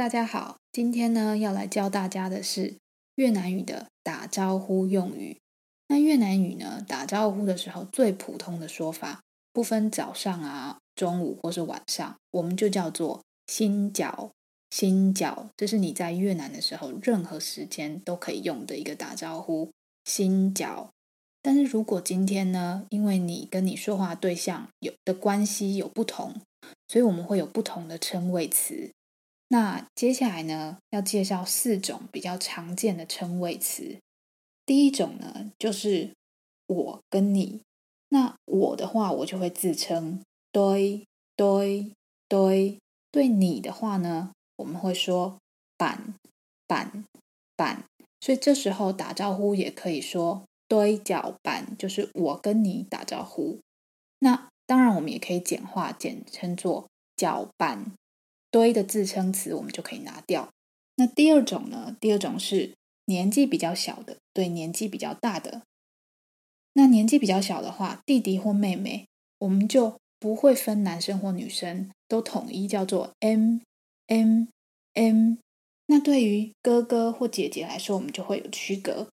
大家好，今天呢要來教大家的是越南語的打招呼用語。那越南語呢，打招呼的時候最普通的說法，不分早上啊、中午或是晚上，我們就叫做 Xin chào“Xin chào，Xin chào”。這是你在越南的時候任何時間都可以用的一個打招呼 “Xin chào”。但是如果今天呢，因為你跟你說話對象有的關係有不同，所以我們會有不同的稱謂詞。那接下來呢，要介紹四種比較常見的稱謂詞。第一種呢，就是我跟你。那我的話，我就會自稱 tôi tôi tôi，對你的話呢，我們會說 bạn bạn bạn。所以這時候打招呼也可以說 tôi chào bạn，就是我跟你打招呼。那當然，我們也可以簡化，簡稱作 chào bạn。tôi 的自稱詞，我們就可以拿掉。那第二種呢？第二種是年紀比較小的，對年紀比較大的。那年紀比較小的話，弟弟或妹妹，我們就不會分男生或女生，都統一叫做 em em em。那對於哥哥或姐姐來說，我們就會有區隔。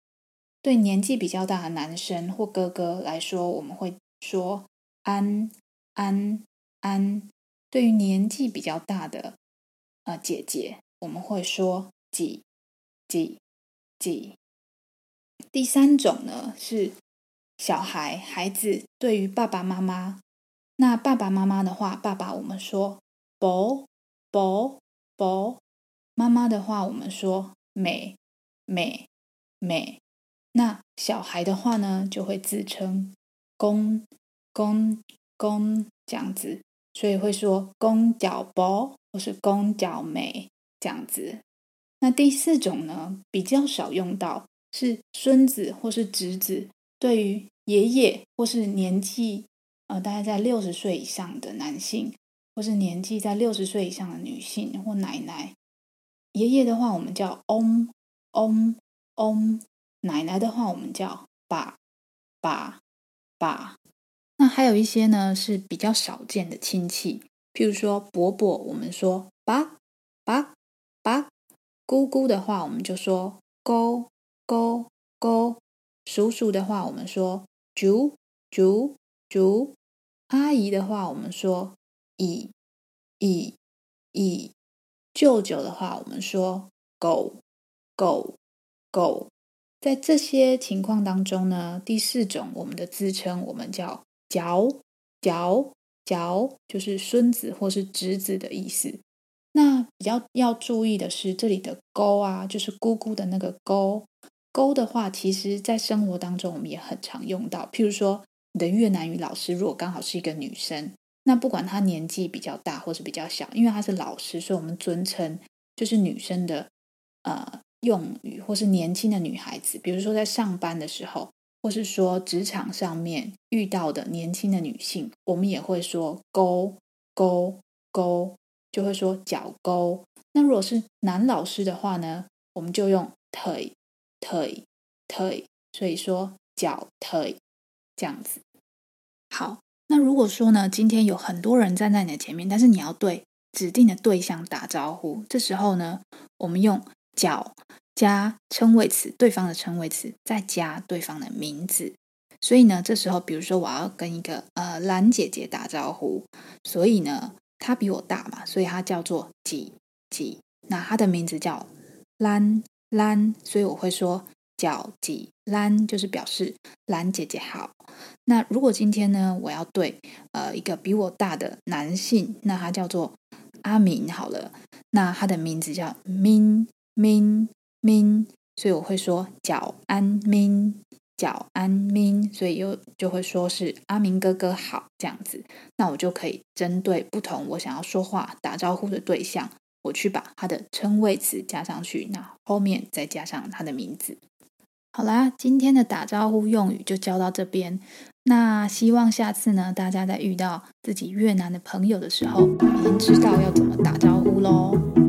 對年紀比較大的男生或哥哥來說，我們會說 anh anh anh。安對於年紀比較大的，呃，姐姐，我們會說幾幾幾。第三種呢是小孩、孩子，對於爸爸媽媽。那爸爸媽媽的話，爸爸我們說伯伯伯，媽媽的話我們說美美美。那小孩的話呢，就會自稱公公公這樣子。所以會說公腳婆，或是公腳妹這樣子。那第四種呢，比較少用到，是孫子或是侄子，對於爺爺，或是年紀，呃，大概在六十歲以上的男性，或是年紀在六十歲以上的女性或奶奶。爺爺的話，我們叫翁翁翁；奶奶的話，我們叫把把把。把把那還有一些呢，是比較少見的親戚，譬如說伯伯，我們說巴巴巴；姑姑的話，我們就說勾勾勾；叔叔的話，我們說豬豬豬阿姨的話，我們說姨姨姨；舅舅的話，我們說狗狗狗。在這些情況當中呢，第四種我們的自稱我們叫。嚼嚼嚼，就是孫子或是侄子的意思。那比較要注意的是，這裡的“勾”啊，就是姑姑的那個“勾”。勾的話，其實在生活當中我們也很常用到。譬如說，你的越南語老師如果剛好是一個女生，那不管她年紀比較大或是比較小，因為她是老師，所以我們尊稱就是女生的，呃，用語或是年輕的女孩子。比如說，在上班的時候。或是說職場上面遇到的年輕的女性，我們也會說 cô cô cô，就會說 chào cô。那如果是男老師的話呢，我們就用 thầy thầy thầy，所以說 chào thầy 這樣子。好，那如果說呢，今天有很多人站在你的前面，但是你要對指定的對象打招呼，這時候呢，我們用 chào。加稱謂詞，對方的稱謂詞，再加對方的名字。所以呢，這時候，比如說我要跟一個呃蘭姐姐打招呼，所以呢，她比我大嘛，所以她叫做幾幾，那她的名字叫蘭蘭，所以我會說叫幾蘭，就是表示蘭姐姐好。那如果今天呢，我要對呃一個比我大的男性，那他叫做阿明好了，那他的名字叫明明。明，所以我會說“叫安明，叫安明”，所以又就會說是“阿明哥哥好”這樣子。那我就可以針對不同我想要說話打招呼的對象，我去把他的稱謂詞加上去，那後面再加上他的名字。好啦，今天的打招呼用語就教到這邊。那希望下次呢，大家在遇到自己越南的朋友的時候，你們知道要怎麼打招呼嘍。